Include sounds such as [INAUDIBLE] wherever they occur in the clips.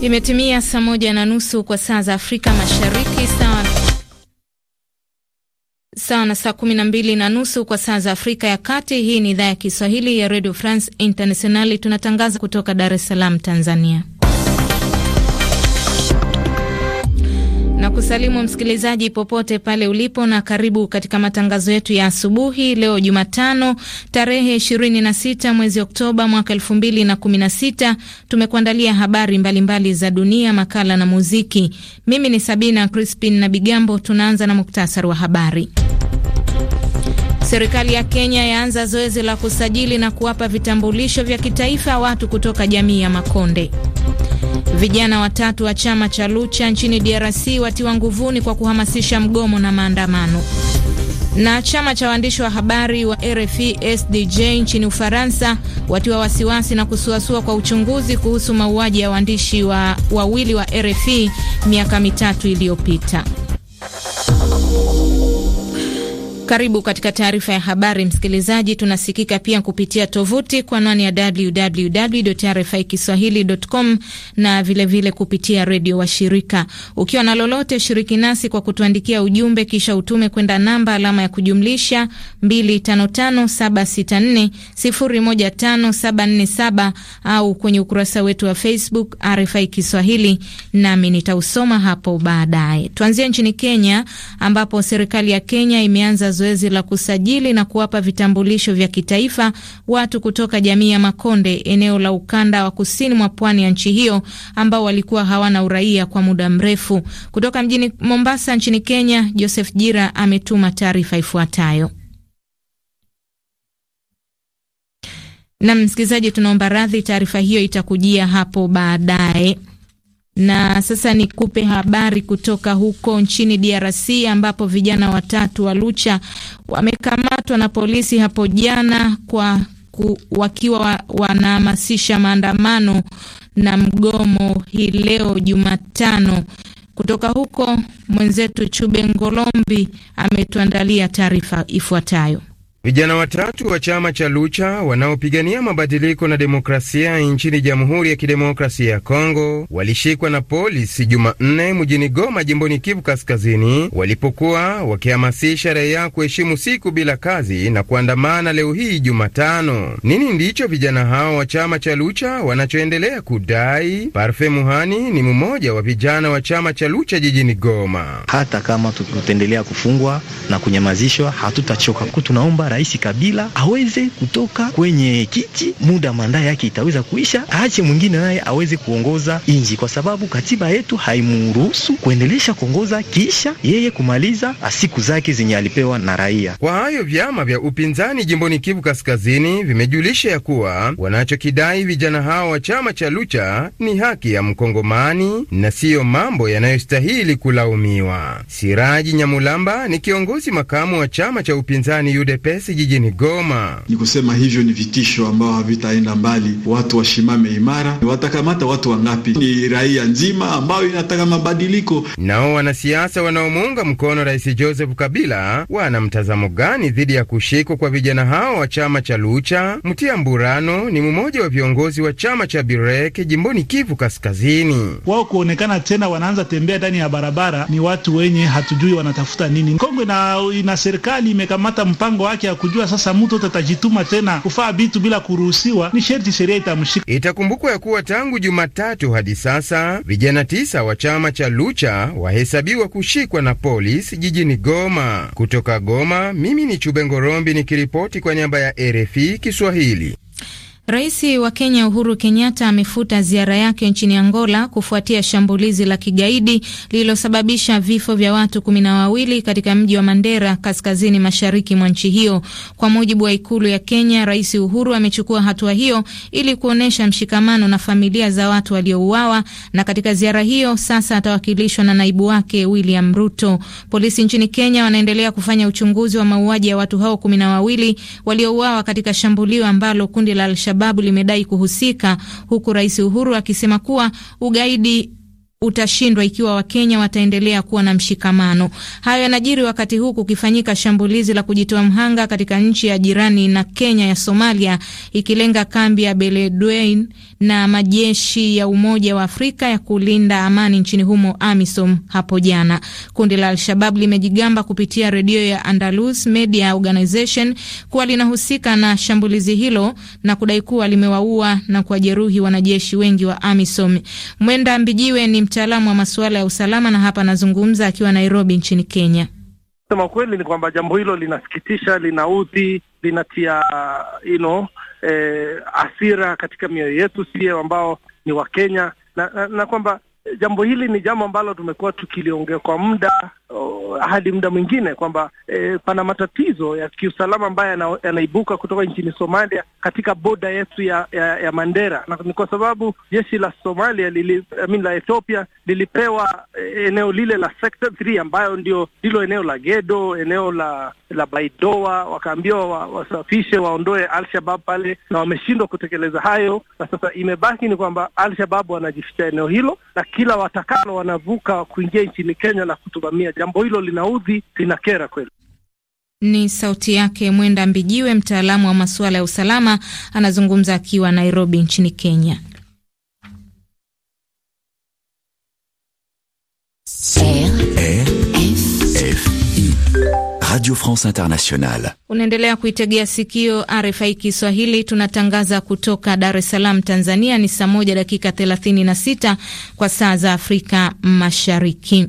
Imetimia saa moja na nusu kwa saa za Afrika Mashariki, sawa sawa na saa kumi na mbili na nusu kwa saa za Afrika ya Kati. Hii ni idhaa ya Kiswahili ya Radio France Internationali, tunatangaza kutoka Dar es Salaam, Tanzania. na kusalimu msikilizaji popote pale ulipo, na karibu katika matangazo yetu ya asubuhi leo Jumatano tarehe 26 mwezi Oktoba mwaka 2016. Tumekuandalia habari mbalimbali mbali za dunia, makala na muziki. Mimi ni Sabina Crispin na Bigambo. Tunaanza na muktasari wa habari. Serikali ya Kenya yaanza zoezi la kusajili na kuwapa vitambulisho vya kitaifa watu kutoka jamii ya Makonde. Vijana watatu wa chama cha Lucha nchini DRC watiwa nguvuni kwa kuhamasisha mgomo na maandamano. Na chama cha waandishi wa habari wa RFI SDJ nchini Ufaransa watiwa wasiwasi na kusuasua kwa uchunguzi kuhusu mauaji ya waandishi wa wawili wa RFI miaka mitatu iliyopita. Karibu katika taarifa ya habari msikilizaji. Tunasikika pia kupitia tovuti kwa anwani ya www RFI kiswahilicom na vilevile vile kupitia redio wa shirika. Ukiwa na lolote, shiriki nasi kwa kutuandikia ujumbe, kisha utume kwenda namba alama ya kujumlisha 255764015747 au kwenye ukurasa wetu wa Facebook RFI Kiswahili, nami nitausoma hapo baadaye. Tuanzie nchini Kenya ambapo serikali ya Kenya imeanza zoezi la kusajili na kuwapa vitambulisho vya kitaifa watu kutoka jamii ya Makonde, eneo la ukanda wa kusini mwa pwani ya nchi hiyo, ambao walikuwa hawana uraia kwa muda mrefu. Kutoka mjini Mombasa nchini Kenya, Joseph Jira ametuma taarifa ifuatayo. Na msikilizaji, tunaomba radhi, taarifa hiyo itakujia hapo baadaye. Na sasa nikupe habari kutoka huko nchini DRC ambapo vijana watatu wa Lucha wamekamatwa na polisi hapo jana kwa ku, wakiwa wanahamasisha maandamano na mgomo hii leo Jumatano. Kutoka huko mwenzetu Chube Ngolombi ametuandalia taarifa ifuatayo. Vijana watatu wa chama cha Lucha wanaopigania mabadiliko na demokrasia nchini Jamhuri ya Kidemokrasia ya Kongo walishikwa na polisi Jumanne mjini Goma, jimboni Kivu Kaskazini, walipokuwa wakihamasisha raia kuheshimu siku bila kazi na kuandamana leo hii Jumatano. Nini ndicho vijana hao wa chama cha Lucha wanachoendelea kudai? parfe Muhani ni mmoja wa vijana wa chama cha Lucha jijini Goma. Hata kama tutaendelea kufungwa na kunyamazishwa, hatutachoka. kutunaomba Rais Kabila aweze kutoka kwenye kiti, muda mandaa yake itaweza kuisha, aache mwingine naye aweze kuongoza inji, kwa sababu katiba yetu haimuruhusu kuendelesha kuongoza kisha yeye kumaliza siku zake zenye alipewa na raia. Kwa hayo vyama vya upinzani jimboni Kivu Kaskazini vimejulisha ya kuwa wanachokidai vijana hao wa chama cha Lucha ni haki ya Mkongomani na siyo mambo yanayostahili kulaumiwa. Siraji Nyamulamba ni kiongozi makamu wa chama cha upinzani UDP Express jijini Goma. Ni kusema hivyo ni vitisho ambao havitaenda mbali, watu washimame imara. Watakamata watu wangapi? Ni raia nzima ambayo inataka mabadiliko. Nao wanasiasa wanaomuunga mkono Rais Joseph Kabila wana mtazamo gani dhidi ya kushikwa kwa vijana hao wa chama cha Lucha? Mtia Mburano ni mmoja wa viongozi wa chama cha Bireke jimboni Kivu Kaskazini. Wao kuonekana tena wanaanza tembea ndani ya barabara, ni watu wenye hatujui wanatafuta nini. Kongwe na, na serikali imekamata mpango wake ya kujua sasa mtu atajituma tena kufaa vitu bila kuruhusiwa, ni sherti sheria itamshika. Itakumbukwa ya kuwa tangu Jumatatu hadi sasa vijana tisa wa chama cha Lucha wahesabiwa kushikwa na polisi jijini Goma. Kutoka Goma, mimi ni chubengorombi nikiripoti kwa niaba ya RFI Kiswahili. Rais wa Kenya Uhuru Kenyatta amefuta ziara yake nchini Angola kufuatia shambulizi la kigaidi lililosababisha vifo vya watu kumi na wawili katika mji wa Mandera, kaskazini mashariki mwa nchi hiyo. Kwa mujibu wa ikulu ya Kenya, Rais Uhuru amechukua hatua hiyo ili kuonyesha mshikamano na familia za watu waliouawa, na katika ziara hiyo sasa atawakilishwa na naibu wake William Ruto. Polisi nchini Kenya wanaendelea kufanya uchunguzi wa mauaji ya watu hao kumi na wawili waliouawa katika shambulio ambalo kundi la Al-Shababu limedai kuhusika, huku Rais Uhuru akisema kuwa ugaidi utashindwa ikiwa Wakenya wataendelea kuwa na mshikamano. Hayo yanajiri wakati huu kukifanyika shambulizi la kujitoa mhanga katika nchi ya jirani na Kenya ya Somalia, ikilenga kambi ya Beledweyne na majeshi ya Umoja wa Afrika ya kulinda amani nchini humo, AMISOM, hapo jana. Kundi la Al-Shabab limejigamba kupitia redio ya Andalus Media Organization kuwa linahusika na shambulizi hilo na kudai kuwa limewaua na kuwajeruhi wanajeshi wengi wa AMISOM. Mwenda Mbijiwe ni mtaalamu wa masuala ya usalama, na hapa anazungumza akiwa Nairobi nchini Kenya. Sema kweli ni kwamba jambo hilo linasikitisha, linaudhi, linatia uh, ino eh, asira katika mioyo yetu sie ambao ni Wakenya na, na, na kwamba jambo hili ni jambo ambalo tumekuwa tukiliongea kwa muda oh, hadi muda mwingine kwamba eh, pana matatizo ya kiusalama ambayo yanaibuka kutoka nchini Somalia katika boda yetu ya, ya, ya Mandera, na ni kwa sababu jeshi la Somalia lili, I mean, la Ethiopia lilipewa eh, eneo lile la sector 3 ambayo ndio ndilo eneo la Gedo, eneo la la Baidoa, wakaambiwa wasafishe waondoe Alshabab pale, na wameshindwa kutekeleza hayo, na sasa imebaki ni kwamba Alshabab wanajificha eneo hilo, na kila watakalo wanavuka kuingia nchini Kenya na kutuvamia. Jambo hilo linaudhi, linakera kweli. Ni sauti yake Mwenda Mbijiwe, mtaalamu wa masuala ya usalama, anazungumza akiwa Nairobi nchini Kenya. Radio France Internationale. Unaendelea kuitegea sikio RFI Kiswahili, tunatangaza kutoka Dar es Salaam, Tanzania. Ni saa moja dakika 36 kwa saa za Afrika Mashariki.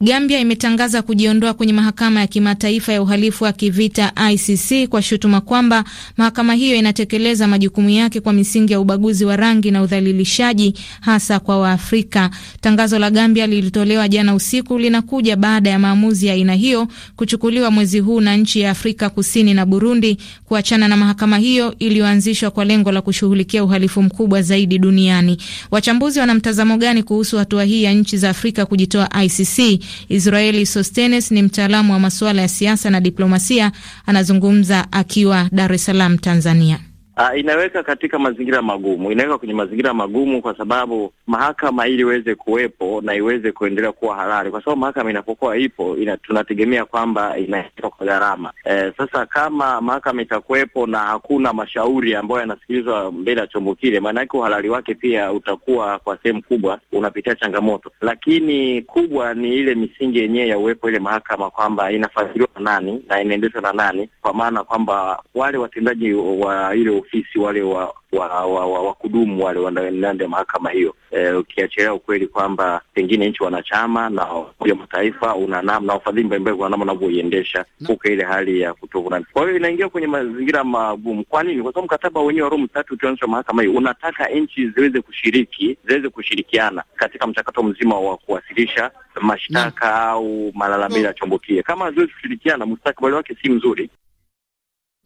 Gambia imetangaza kujiondoa kwenye mahakama ya kimataifa ya uhalifu wa kivita ICC kwa shutuma kwamba mahakama hiyo inatekeleza majukumu yake kwa misingi ya ubaguzi wa rangi na udhalilishaji hasa kwa Waafrika. Tangazo la Gambia lilitolewa jana usiku, linakuja baada ya maamuzi ya aina hiyo kuchukuliwa mwezi huu na nchi ya Afrika Kusini na Burundi kuachana na mahakama hiyo iliyoanzishwa kwa lengo la kushughulikia uhalifu mkubwa zaidi duniani. Wachambuzi wana mtazamo gani kuhusu hatua hii ya nchi za Afrika kujitoa ICC? Israeli Sostenes ni mtaalamu wa masuala ya siasa na diplomasia, anazungumza akiwa Dar es Salaam, Tanzania. Uh, inaweka katika mazingira magumu, inaweka kwenye mazingira magumu kwa sababu mahakama ili iweze kuwepo na iweze kuendelea kuwa halali, kwa sababu mahakama inapokuwa ipo ina, tunategemea kwamba inaitwa kwa gharama eh. Sasa kama mahakama itakuwepo na hakuna mashauri ambayo yanasikilizwa mbele ya chombo kile, maana yake uhalali wake pia utakuwa kwa sehemu kubwa unapitia changamoto, lakini kubwa ni ile misingi yenyewe ya uwepo ile mahakama kwamba inafadhiliwa na nani na inaendeshwa na nani, kwa maana kwamba wale watendaji wa ile maofisi wale wa wa, wa, wa, wa kudumu wale wanaenda mahakama hiyo e, ukiachilia ukweli kwamba pengine nchi wanachama na Umoja Mataifa una namna ufadhili mbalimbali kwa namna unavyoiendesha huko ile hali ya kutokuna. Kwa hiyo inaingia kwenye mazingira magumu. Kwa nini? Kwa sababu mkataba wenyewe wa Roma tatu ukionyesha mahakama hiyo unataka nchi ziweze kushiriki ziweze kushirikiana katika mchakato mzima wa kuwasilisha mashtaka au malalamiko yachombokie. Kama haziwezi kushirikiana, mustakabali wake si mzuri.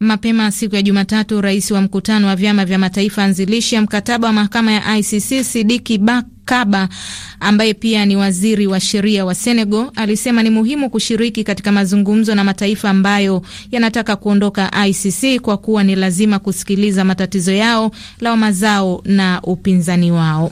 Mapema siku ya Jumatatu, rais wa mkutano wa vyama vya mataifa anzilishi ya mkataba wa mahakama ya ICC Sidiki Bakaba, ambaye pia ni waziri wa sheria wa Senegal, alisema ni muhimu kushiriki katika mazungumzo na mataifa ambayo yanataka kuondoka ICC kwa kuwa ni lazima kusikiliza matatizo yao, lawama zao na upinzani wao.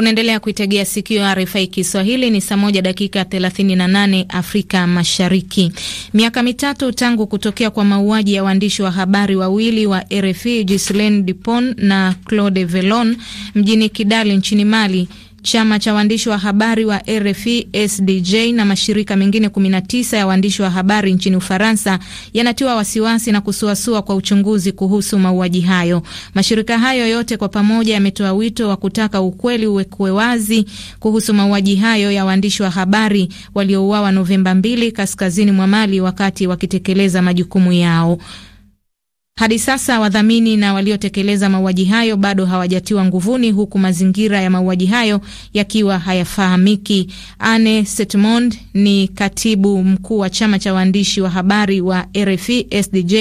Unaendelea kuitegea sikio RFI Kiswahili. Ni saa moja dakika 38 Afrika Mashariki. Miaka mitatu tangu kutokea kwa mauaji ya waandishi wa habari wawili wa RFI Ghislaine Dupont na Claude Velon mjini Kidali nchini Mali, Chama cha waandishi wa habari wa RFI SDJ na mashirika mengine 19 ya waandishi wa habari nchini Ufaransa yanatiwa wasiwasi na kusuasua kwa uchunguzi kuhusu mauaji hayo. Mashirika hayo yote kwa pamoja yametoa wito wa kutaka ukweli uwekwe wazi kuhusu mauaji hayo ya waandishi wa habari waliouawa Novemba 2 kaskazini mwa Mali wakati wakitekeleza majukumu yao. Hadi sasa wadhamini na waliotekeleza mauaji hayo bado hawajatiwa nguvuni, huku mazingira ya mauaji hayo yakiwa hayafahamiki. Anne Setmond ni katibu mkuu wa chama cha waandishi wa habari wa RFI SDJ,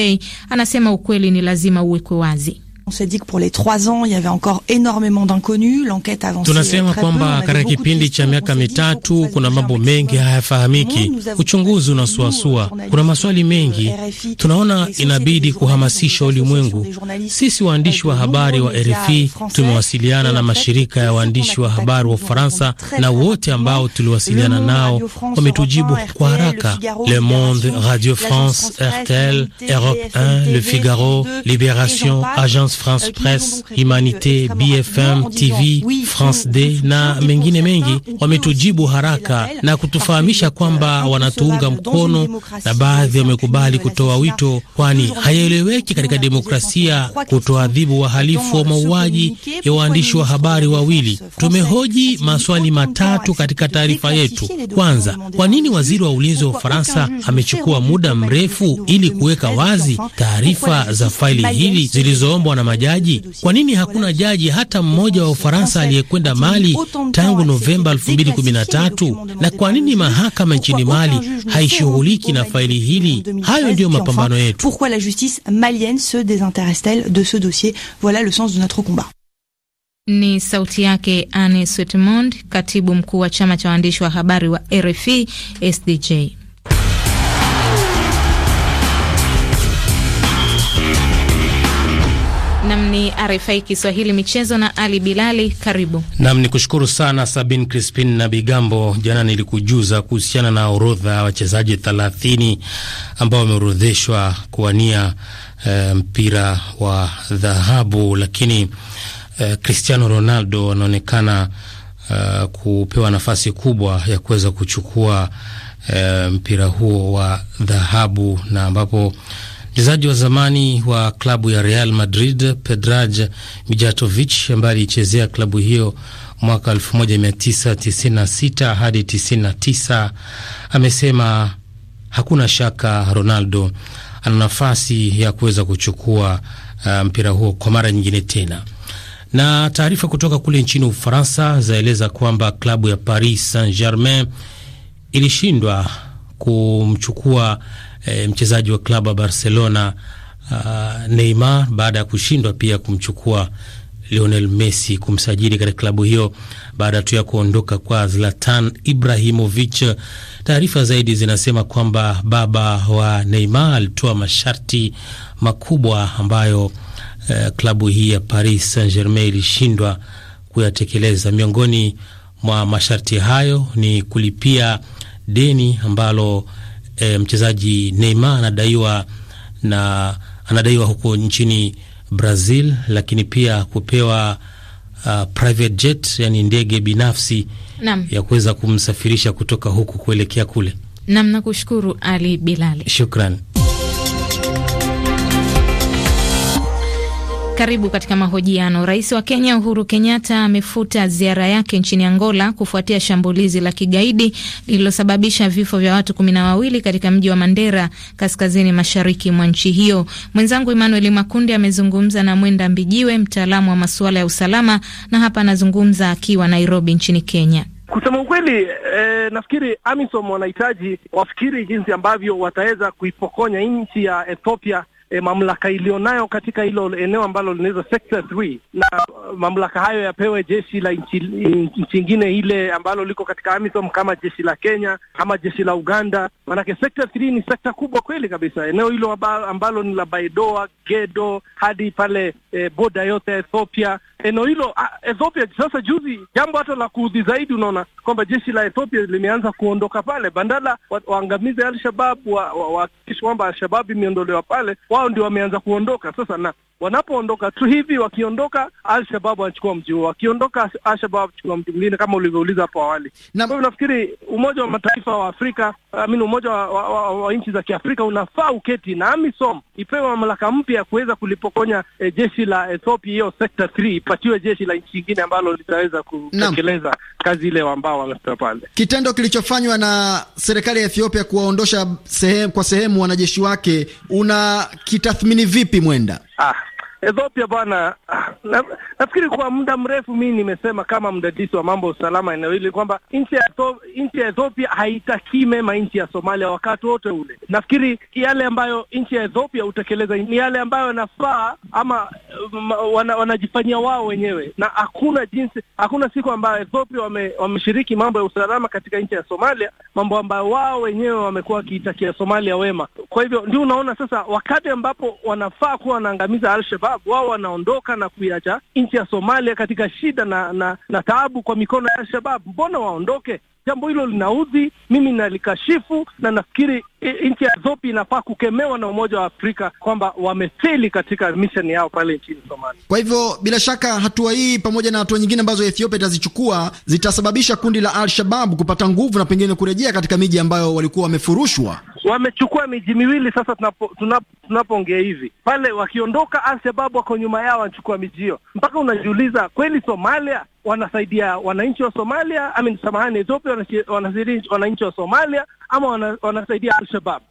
anasema ukweli ni lazima uwekwe wazi. On s'est dit que pour les trois ans, il y avait encore énormément d'inconnus, l'enquête avançait. Tunasema kwamba katika kipindi cha miaka mitatu kuna mambo mengi hayafahamiki, uchunguzi unasuasua, kuna maswali euh, mengi. Tunaona inabidi kuhamasisha ulimwengu. Sisi waandishi wa euh, habari wa RFI tumewasiliana na mashirika ya waandishi wa habari wa Ufaransa na wote ambao tuliwasiliana nao wametujibu kwa haraka. Le Monde, Radio France, RTL, Europe 1, Le Figaro, Libération, Agence France euh, Press, Humanité, euh, BFM TV, France D na mengine mengi, wametujibu haraka na kutufahamisha kwamba euh, wanatuunga mkono, na baadhi wamekubali kutoa wito, kwani haieleweki katika demokrasia kutoadhibu wahalifu wa mauaji ya waandishi wa habari wawili. Tumehoji maswali matatu katika taarifa yetu. Kwanza, kwa nini waziri wa ulinzi wa Ufaransa amechukua muda mrefu ili kuweka wazi taarifa za faili hili zilizoombwa na majaji? Kwa nini hakuna jaji hata mmoja wa Ufaransa aliyekwenda Mali tangu Novemba 2013? Na kwa nini mahakama nchini Mali haishughuliki na faili hili? Hayo ndiyo mapambano yetu. Ni sauti yake Anne Swetmond, katibu mkuu wa chama cha waandishi wa habari wa RFI SDJ. ni RFI Kiswahili michezo na Ali Bilali, karibu nam. Ni kushukuru sana Sabin Crispin na Bigambo. Jana nilikujuza kuhusiana na orodha ya wachezaji thelathini ambao wameorodheshwa kuwania e, mpira wa dhahabu, lakini e, Cristiano Ronaldo anaonekana e, kupewa nafasi kubwa ya kuweza kuchukua e, mpira huo wa dhahabu na ambapo Mchezaji wa zamani wa klabu ya Real Madrid pedraj Mijatovic ambaye alichezea klabu hiyo mwaka 1996 hadi 99 amesema hakuna shaka Ronaldo ana nafasi ya kuweza kuchukua uh, mpira huo kwa mara nyingine tena. Na taarifa kutoka kule nchini Ufaransa zaeleza kwamba klabu ya Paris Saint-Germain ilishindwa kumchukua e, mchezaji wa klabu ya Barcelona uh, Neymar baada ya kushindwa pia kumchukua Lionel Messi kumsajili katika klabu hiyo baada tu ya kuondoka kwa Zlatan Ibrahimovic. Taarifa zaidi zinasema kwamba baba wa Neymar alitoa masharti makubwa ambayo eh, klabu hii ya Paris Saint-Germain ilishindwa kuyatekeleza. Miongoni mwa masharti hayo ni kulipia deni ambalo e, mchezaji Neymar anadaiwa na anadaiwa huko nchini Brazil, lakini pia kupewa uh, private jet, yani ndege binafsi Naam. ya kuweza kumsafirisha kutoka huku kuelekea kule. Naam, nakushukuru Ali Bilali. Shukran. Karibu katika mahojiano. Rais wa Kenya Uhuru Kenyatta amefuta ziara yake nchini Angola kufuatia shambulizi la kigaidi lililosababisha vifo vya watu kumi na wawili katika mji wa Mandera, kaskazini mashariki mwa nchi hiyo. Mwenzangu Emmanuel Makundi amezungumza na Mwenda Mbijiwe, mtaalamu wa masuala ya usalama, na hapa anazungumza akiwa Nairobi nchini Kenya. Kusema ukweli e, nafikiri AMISOM wanahitaji wafikiri jinsi ambavyo wataweza kuipokonya nchi ya Ethiopia e, mamlaka iliyonayo katika hilo eneo ambalo linaitwa sector 3 na uh, mamlaka hayo yapewe jeshi la nchi ingine ile ambalo liko katika AMISOM kama jeshi la Kenya kama jeshi la Uganda. Maanake sector 3 ni sekta kubwa kweli kabisa, eneo hilo ambalo ni la Baidoa, Gedo hadi pale e, eh, boda yote ya Ethiopia eneo hilo Ethiopia. Sasa juzi, jambo hata la kuudhi zaidi, unaona kwamba jeshi la Ethiopia limeanza kuondoka pale, bandala waangamize al wa, wa, kwamba Alshabab imeondolewa pale. Wao ndio wameanza kuondoka sasa, na wanapoondoka tu hivi, wakiondoka alshabab wanachukua mji huo, wakiondoka Al-Shabab wanachukua mji mwingine, kama ulivyouliza hapo awali. Kwa hivyo nafikiri Umoja wa Mataifa wa Afrika amini ah, umoja wa, wa, wa, wa nchi za Kiafrika unafaa uketi na AMISOM ipewe mamlaka mpya ya kuweza kulipokonya eh, jeshi la Ethiopia hiyo sector 3 ipatiwe jeshi la nchi nyingine ambalo litaweza kutekeleza kazi ile ambao wamepewa pale. Kitendo kilichofanywa na serikali ya Ethiopia kuwaondosha sehemu kwa sehemu wanajeshi wake, una kitathmini vipi mwenda? Ah. Ethiopia bwana, na, nafikiri kwa muda mrefu mi nimesema kama mdadisi wa mambo ya usalama eneo hili kwamba nchi ya nchi ya Ethiopia haitakii mema nchi ya Somalia wakati wote ule. Nafikiri yale ambayo nchi ya Ethiopia hutekeleza ni yale ambayo yanafaa ama wana, wanajifanyia wao wenyewe, na hakuna jinsi, hakuna siku ambayo Ethiopia wame, wameshiriki mambo ya usalama katika nchi ya Somalia, mambo ambayo wao wenyewe wamekuwa wakiitakia Somalia wema. Kwa hivyo ndio unaona sasa, wakati ambapo wanafaa kuwa wanaangamiza Al-Shabab, wao wanaondoka na kuiacha nchi ya Somalia katika shida na na, na taabu kwa mikono ya Al-Shabab. Mbona waondoke? Jambo hilo linaudhi, mimi nalikashifu, na nafikiri nchi ya Ethiopia inafaa kukemewa na Umoja wa Afrika kwamba wamefeli katika misheni yao pale nchini Somalia. Kwa hivyo bila shaka hatua hii pamoja na hatua nyingine ambazo Ethiopia itazichukua zitasababisha kundi la al shabab kupata nguvu na pengine kurejea katika miji ambayo walikuwa wamefurushwa. Wamechukua miji miwili sasa, tunapo tunapoongea hivi pale, wakiondoka Al-Shabaab wako nyuma yao, wanachukua miji hiyo, mpaka unajiuliza kweli Somalia wanasaidia wananchi wa Somalia? I mean, samahani, Ethiopia wanasaidia wananchi wa Somalia ama wanasaidia al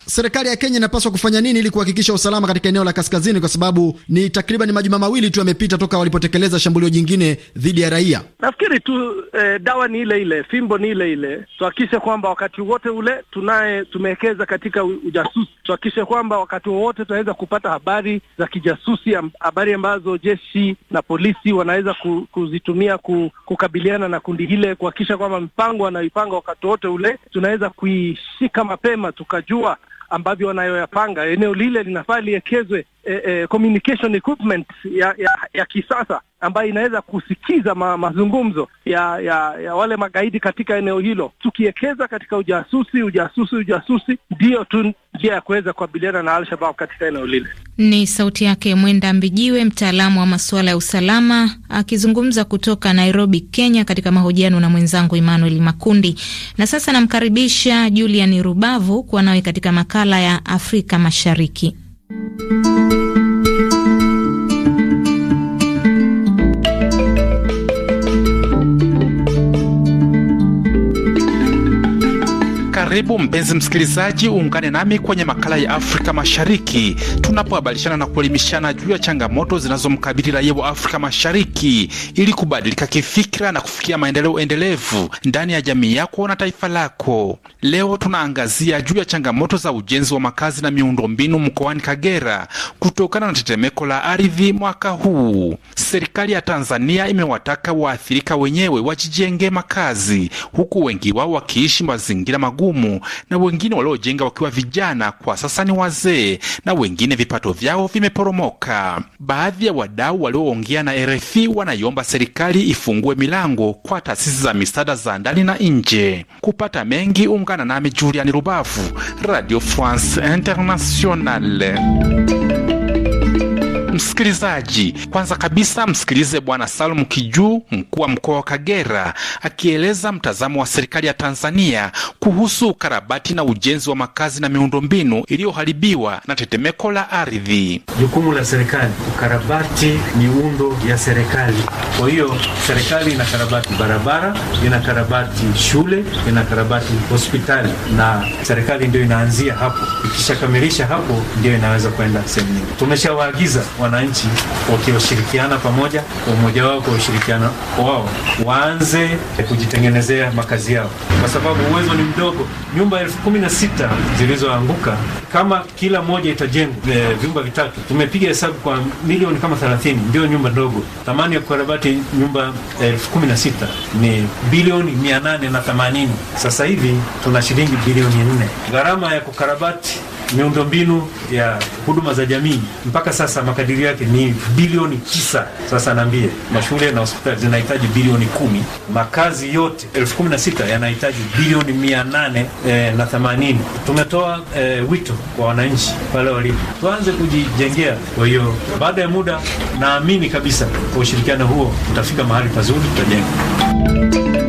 Serikali ya Kenya inapaswa kufanya nini ili kuhakikisha usalama katika eneo la kaskazini, kwa sababu ni takriban majuma mawili tu yamepita toka walipotekeleza shambulio jingine dhidi ya raia? Nafikiri tu eh, dawa ni ile ile, fimbo ni ile ile, tuhakikishe kwamba wakati wote ule tunaye tumewekeza katika ujasusi tuhakikishe kwamba wakati wowote tunaweza kupata habari za kijasusi, habari ambazo jeshi na polisi wanaweza kuzitumia kukabiliana na kundi hile, kuhakikisha kwamba mpango wanaoipanga wakati wowote ule tunaweza kuishika mapema, tukajua ambavyo wanayoyapanga. Eneo lile linafaa liekezwe eh, eh, communication equipment ya, ya, ya kisasa ambayo inaweza kusikiza ma, mazungumzo ya, ya ya wale magaidi katika eneo hilo. tukiekeza katika ujasusi, ujasusi, ujasusi, ndiyo tu njia ya kuweza kukabiliana na alshabab katika eneo lile. Ni sauti yake Mwenda Mbijiwe, mtaalamu wa masuala ya usalama, akizungumza kutoka Nairobi, Kenya, katika mahojiano na mwenzangu Emmanuel Makundi. Na sasa namkaribisha Julian Rubavu kuwa nawe katika makala ya Afrika Mashariki. Thank you. Karibu mpenzi msikilizaji, uungane nami kwenye makala ya Afrika Mashariki tunapohabarishana na kuelimishana juu ya changamoto zinazomkabili raia wa Afrika Mashariki ili kubadilika kifikira na kufikia maendeleo endelevu ndani ya jamii yako na taifa lako. Leo tunaangazia juu ya changamoto za ujenzi wa makazi na miundombinu mkoani Kagera kutokana na tetemeko la ardhi mwaka huu. Serikali ya Tanzania imewataka waathirika wenyewe wajijenge makazi, huku wengi wao wakiishi mazingira magumu humu na wengine waliojenga wakiwa vijana, kwa sasa ni wazee na wengine vipato vyao vimeporomoka. Baadhi ya wadau walioongea na RFI wanaiomba serikali ifungue milango kwa taasisi za misaada za ndani na nje. Kupata mengi, ungana nami Juliani Rubavu, Radio France Internationale. Msikilizaji, kwanza kabisa msikilize Bwana Salum Kijuu, mkuu wa mkoa wa Kagera, akieleza mtazamo wa serikali ya Tanzania kuhusu ukarabati na ujenzi wa makazi na miundombinu iliyoharibiwa na tetemeko la ardhi. Jukumu la serikali ukarabati miundo ya serikali. Kwa hiyo serikali inakarabati barabara, inakarabati shule, inakarabati hospitali, na serikali ndio inaanzia hapo. Ikishakamilisha hapo, ndio inaweza kwenda sehemu nyingine. Tumeshawaagiza wananchi wakioshirikiana pamoja, umoja wao kwa ushirikiano wao waanze kujitengenezea makazi yao, kwa sababu uwezo ni mdogo. Nyumba elfu kumi na sita zilizoanguka kama kila moja itajengwa e, vyumba vitatu, tumepiga hesabu kwa milioni kama thelathini, ndio nyumba ndogo. Thamani ya kukarabati nyumba elfu kumi na sita ni bilioni na 880. Sasa hivi tuna shilingi bilioni 4. Gharama ya kukarabati miundombinu ya huduma za jamii mpaka sasa makadirio yake ni bilioni tisa. Sasa naambie mashule na hospitali zinahitaji bilioni kumi, makazi yote elfu kumi na sita yanahitaji bilioni mia nane e, na themanini. Tumetoa e, wito kwa wananchi pale walipo, tuanze kujijengea. Kwa hiyo baada ya muda, naamini kabisa kwa ushirikiano huo utafika mahali pazuri, tutajenga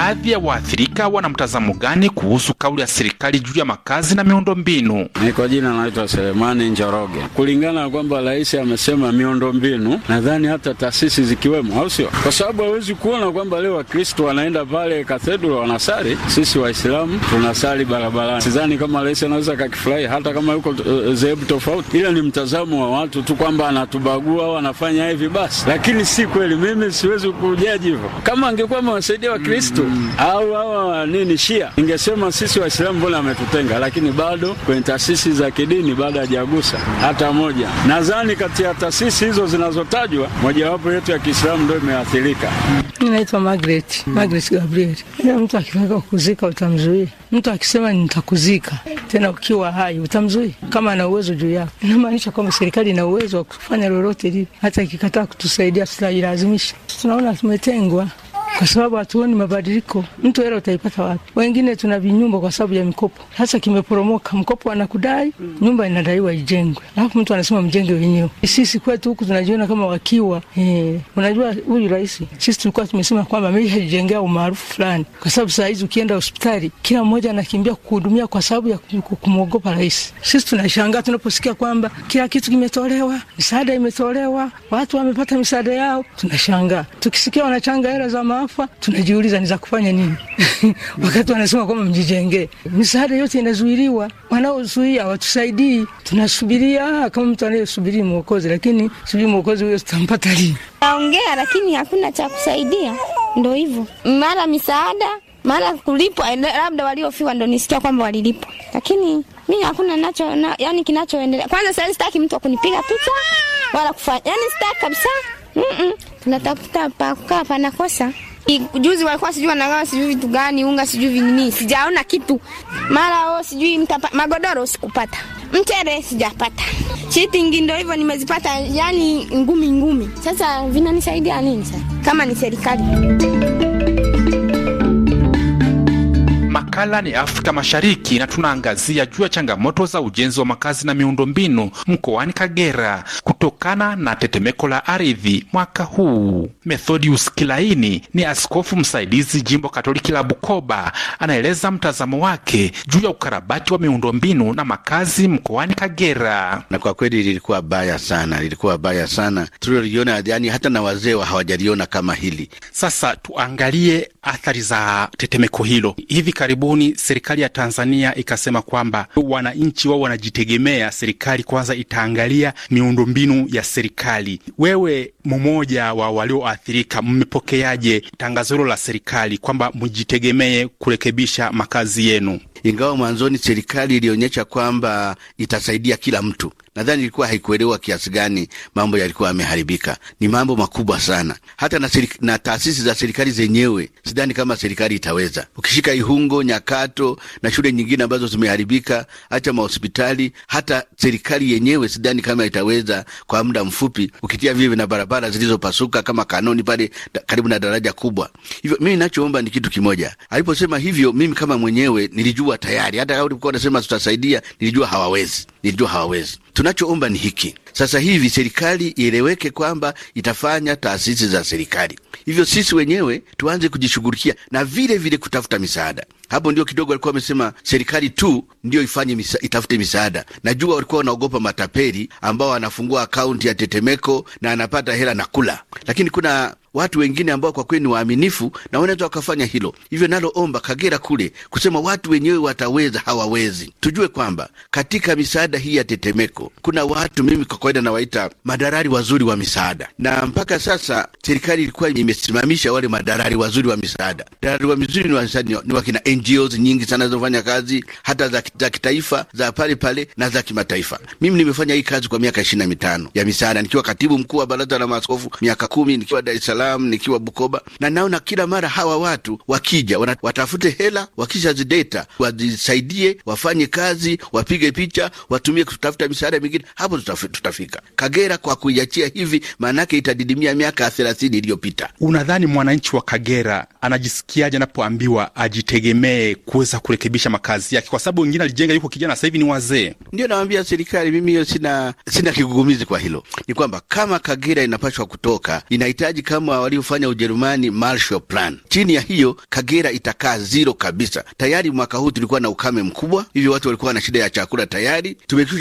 baadhi ya waathirika wana mtazamo gani kuhusu kauli ya serikali juu ya makazi na miundo mbinu Ni kwa jina naitwa Selemani Njoroge. Kulingana na kwamba rais amesema miundo mbinu nadhani hata taasisi zikiwemo, au sio? Kwa sababu hawezi kuona kwamba leo Wakristo wanaenda pale kathedra wanasali, sisi Waislamu tunasali barabarani. Sidhani kama rais anaweza kakifurahi, hata kama yuko uh, zehebu tofauti, ila ni mtazamo wa watu tu kwamba anatubagua au anafanya hivi basi, lakini si kweli. Mimi siwezi kujaji hivyo. Kama angekuwa amewasaidia Wakristo au hawa nini Shia, ningesema sisi Waislamu mbona ametutenga, lakini bado kwenye taasisi za kidini bado hajagusa hata moja. Nadhani kati ya taasisi hizo zinazotajwa mojawapo yetu ya Kiislamu ndio imeathirika. Ninaitwa Margaret, hmm. Margaret Gabriel. Ila mtu akitaka kuzika utamzuia? Mtu akisema nitakuzika tena ukiwa hai utamzuia? Kama ana uwezo juu yako, inamaanisha kwamba serikali ina uwezo wa kufanya lolote lile, hata ikikataa kutusaidia tutailazimisha. Tunaona tumetengwa kwa sababu hatuoni mabadiliko. Mtu hela utaipata wapi? Wengine tuna vinyumba kwa sababu ya mikopo, sasa kimeporomoka, mkopo anakudai nyumba inadaiwa ijengwe, alafu mtu anasema mjenge wenyewe. Sisi kwetu huku tunajiona kama wakiwa eh. Unajua huyu rais, sisi tulikuwa tumesema kwamba ameshajijengea umaarufu fulani, kwa sababu saa hizi ukienda hospitali kila mmoja anakimbia kuhudumia kwa sababu ya kumwogopa rais. Sisi tunashangaa tunaposikia kwamba kila kitu kimetolewa, misaada imetolewa, watu wamepata misaada yao, tunashangaa tukisikia wanachanga hela za maafu ghorofa, tunajiuliza ni za kufanya nini? [LAUGHS] wakati wanasema kwamba mjijengee. Misaada yote inazuiliwa, wanaozuia watusaidii. Tunasubiria ah, kama mtu anayesubiri mwokozi, lakini sijui mwokozi huyo tutampata lini. Naongea lakini hakuna cha kusaidia, ndo hivyo, mara misaada mara kulipwa, labda waliofiwa ndo nisikia kwamba walilipwa, lakini mi hakuna nacho na, yani kinachoendelea. Kwanza sasa sitaki mtu akunipiga picha wala kufanya, yani sitaki kabisa. Mm -mm. Tunatafuta pakukaa panakosa Juzi walikuwa sijui wanagawa sijui vitu gani, unga sijui vinini, sijaona kitu. Mara o sijui mtapa, magodoro sikupata, mchere sijapata, shitingi ndo hivyo nimezipata, yani ngumi ngumi. Sasa vinanisaidia nini sasa kama ni serikali? Makala ni Afrika Mashariki na tunaangazia juu ya changamoto za ujenzi wa makazi na miundombinu mkoani Kagera kutokana na tetemeko la ardhi mwaka huu. Methodius Kilaini ni askofu msaidizi jimbo Katoliki la Bukoba, anaeleza mtazamo wake juu ya ukarabati wa miundombinu na makazi mkoani Kagera. Na kwa kweli lilikuwa baya sana, lilikuwa baya sana tuliloliona, yani hata na wazee hawajaliona kama hili. Sasa tuangalie athari za tetemeko hilo hivi karibu karibuni serikali ya Tanzania ikasema kwamba wananchi wao wanajitegemea, serikali kwanza itaangalia miundombinu ya serikali. Wewe mmoja wa walioathirika, mmepokeaje tangazo hilo la serikali kwamba mjitegemee kurekebisha makazi yenu? ingawa mwanzoni serikali ilionyesha kwamba itasaidia kila mtu. Nadhani ilikuwa haikuelewa kiasi gani mambo yalikuwa yameharibika. Ni mambo makubwa sana, hata na, na taasisi za serikali zenyewe sidhani kama serikali itaweza. Ukishika Ihungo, Nyakato na shule nyingine ambazo zimeharibika, hata mahospitali, hata serikali yenyewe sidhani kama itaweza kwa muda mfupi, ukitia vivi na barabara zilizopasuka kama Kanoni pale karibu na daraja kubwa. Hivyo mimi nachoomba ni kitu kimoja. Aliposema hivyo, mimi kama mwenyewe nilijua nilijua tayari, hata ulikuwa unasema tutasaidia, nilijua hawawezi, nilijua hawawezi. Tunachoomba ni hiki sasa hivi, serikali ieleweke kwamba itafanya taasisi za serikali hivyo, sisi wenyewe tuanze kujishughulikia na vile vile kutafuta misaada. Hapo ndio kidogo walikuwa wamesema serikali tu ndio ifanye misa, itafute misaada. Najua walikuwa wanaogopa matapeli ambao anafungua akaunti ya Tetemeko na anapata hela na kula, lakini kuna watu wengine ambao kwa kweli ni waaminifu na wanaweza wakafanya hilo. Hivyo naloomba Kagera kule kusema watu wenyewe wataweza, hawawezi. Tujue kwamba katika misaada hii ya tetemeko kuna watu, mimi kwa kawaida nawaita madarari wazuri wa misaada, na mpaka sasa serikali ilikuwa imesimamisha wale madarari wazuri wa misaada. Darari wa mizuri ni, wa misaada, ni wakina NGOs nyingi sana zinazofanya kazi hata za, za kitaifa za pale pale na za kimataifa. Mimi nimefanya hii kazi kwa miaka ishirini na mitano ya misaada nikiwa katibu mkuu wa baraza la maaskofu miaka kumi nikiwa Dar es Salaam Salaam, nikiwa Bukoba, na naona kila mara hawa watu wakija watafute hela, wakisha zideta wazisaidie wafanye kazi, wapige picha, watumie kutafuta misaada mingine, hapo tutafika. Kagera kwa kuiachia hivi, maanake itadidimia miaka thelathini iliyopita. Unadhani mwananchi wa Kagera anajisikiaje anapoambiwa ajitegemee kuweza kurekebisha makazi yake, kwa sababu wengine alijenga, yuko kijana, sasa hivi ni wazee? Ndio nawambia serikali, mimi hiyo sina, sina kigugumizi kwa hilo. Ni kwamba kama Kagera inapashwa kutoka, inahitaji kama kama waliofanya Ujerumani Marshall Plan. Chini ya hiyo Kagera itakaa zero kabisa. Tayari mwaka huu tulikuwa na ukame mkubwa, hivyo watu walikuwa na shida ya chakula tayari.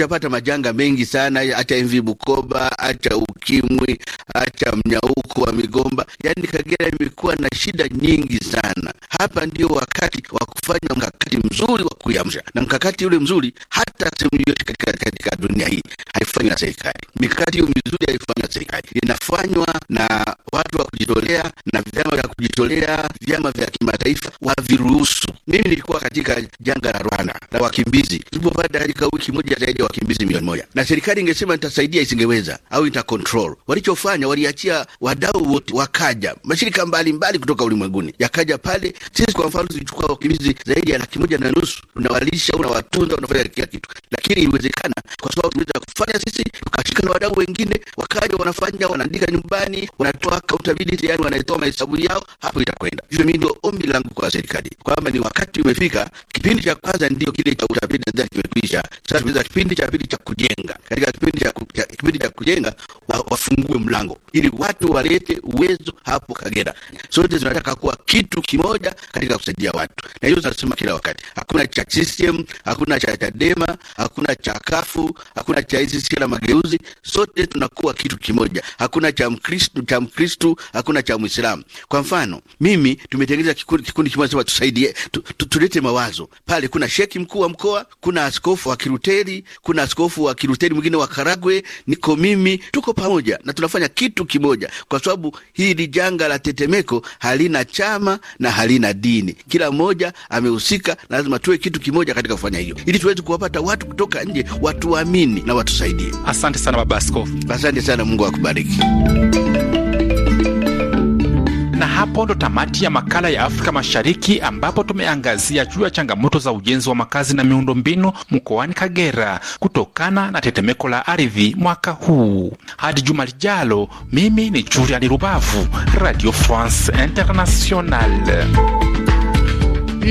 pata majanga mengi sana, acha MV Bukoba, acha ukimwi, acha mnyau mfuko wa migomba. Yaani Kagera imekuwa na shida nyingi sana. Hapa ndio wakati wa kufanya mkakati mzuri wa kuiamsha, na mkakati ule mzuri hata sehemu yote katika, katika dunia hii haifanywi na serikali. Mikakati hiyo mizuri haifanywi na serikali, inafanywa na watu wa kujitolea na vyama vya kujitolea, vyama vya kimataifa waviruhusu. Mimi nilikuwa katika janga la Rwanda la wakimbizi, tulipopata katika wiki moja zaidi ya wakimbizi milioni moja, na serikali ingesema nitasaidia, isingeweza au ita control. Walichofanya waliachia wada wadau wote wakaja, mashirika mbalimbali mbali kutoka ulimwenguni yakaja pale. Sisi kwa mfano tulichukua wakimbizi zaidi ya laki moja na nusu, unawalisha, unawatunza, unafanya kila kitu, lakini iliwezekana kwa sababu tuliweza kufanya sisi, tukashika na wadau wengine, wakaja, wanafanya, wanaandika nyumbani, wanatoa accountability, yani wanaitoa mahesabu yao, hapo itakwenda hivyo. Mimi ndio ombi langu kwa serikali kwamba ni wakati umefika. Kipindi cha kwanza ndio kile cha utafiti, nadhani kimekwisha. Sasa tunaweza kipindi cha pili cha kujenga. Katika kipindi cha kipindi cha kujenga wa, wafungue mlango ili watu walete uwezo hapo Kagera. Sote tunataka kuwa kitu kimoja katika kusaidia watu, na hiyo tunasema kila wakati. Hakuna cha CCM, hakuna cha Chadema, hakuna cha Kafu, hakuna cha hizi sera mageuzi, sote tunakuwa kitu kimoja. Hakuna cha Mkristo, cha Mkristo, hakuna cha Muislamu. Kwa mfano, mimi tumetengeneza kikundi, kikundi kimoja sema tusaidie, tulete mawazo pale. Kuna sheki mkuu wa mkoa, kuna askofu wa Kiluteri, kuna askofu wa Kiluteri mwingine wa Karagwe niko mimi, tuko pamoja na tunafanya kitu kimoja, kwa sababu hili janga la tetemeko halina chama na halina dini. Kila mmoja amehusika, na lazima tuwe kitu kimoja katika kufanya hiyo, ili tuweze kuwapata watu kutoka nje, watuamini na watusaidie. Asante sana Baba Askofu. Asante sana, Mungu akubariki hapo ndo tamati ya makala ya Afrika Mashariki, ambapo tumeangazia juu ya changamoto za ujenzi wa makazi na miundombinu mkoani Kagera kutokana na tetemeko la ardhi mwaka huu. Hadi juma lijalo, mimi ni Juliani Rubavu, Radio France Internationale.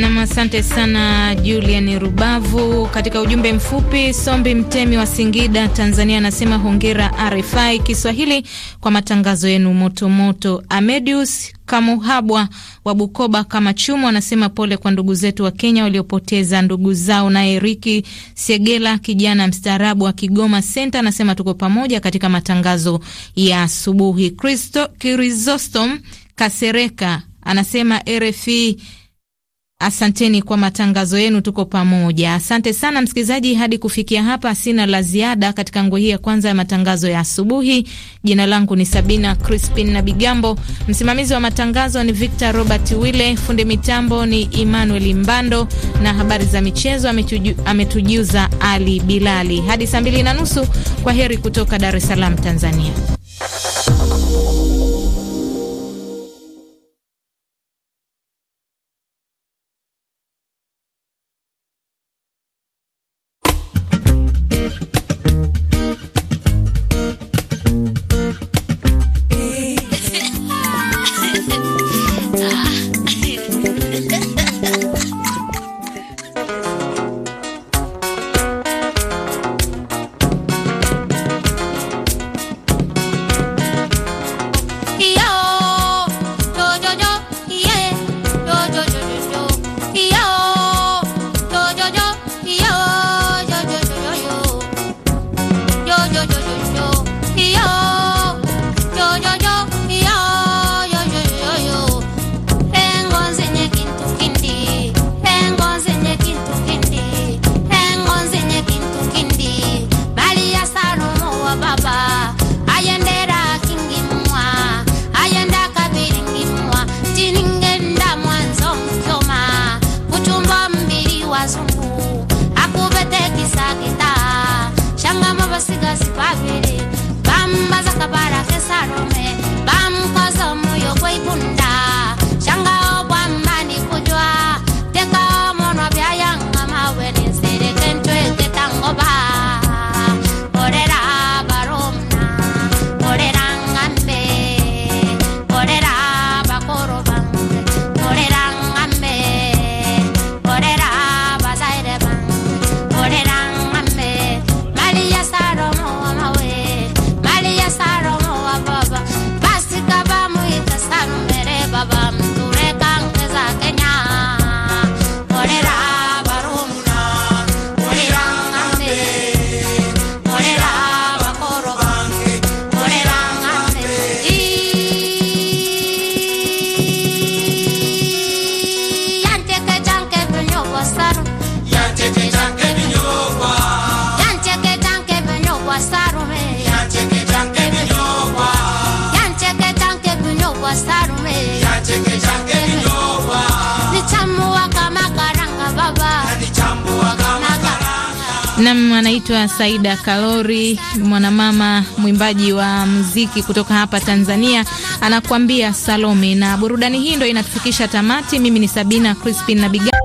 Nam, asante sana Julian Rubavu. Katika ujumbe mfupi, Sombi Mtemi wa Singida, Tanzania, anasema hongera RFI Kiswahili kwa matangazo yenu motomoto. Amedius Kamuhabwa wa Bukoba kama Chumo anasema pole kwa ndugu zetu wa Kenya waliopoteza ndugu zao. Naye Riki Segela, kijana mstaarabu wa Kigoma Senta, anasema tuko pamoja katika matangazo ya asubuhi. Kristo Kirizostom Kasereka anasema RFI Asanteni kwa matangazo yenu, tuko pamoja. Asante sana msikilizaji, hadi kufikia hapa sina la ziada katika nguo hii ya kwanza ya matangazo ya asubuhi. Jina langu ni Sabina Crispin na Bigambo, msimamizi wa matangazo ni Victor Robert Wille, fundi mitambo ni Emmanuel Mbando, na habari za michezo ametujuza Ali Bilali. Hadi saa mbili na nusu, kwa heri kutoka Dar es Salaam, Tanzania. Dura Saida Kalori, mwanamama mwimbaji wa muziki kutoka hapa Tanzania, anakuambia Salome, na burudani hii ndo inatufikisha tamati. Mimi ni Sabina Crispin na Biga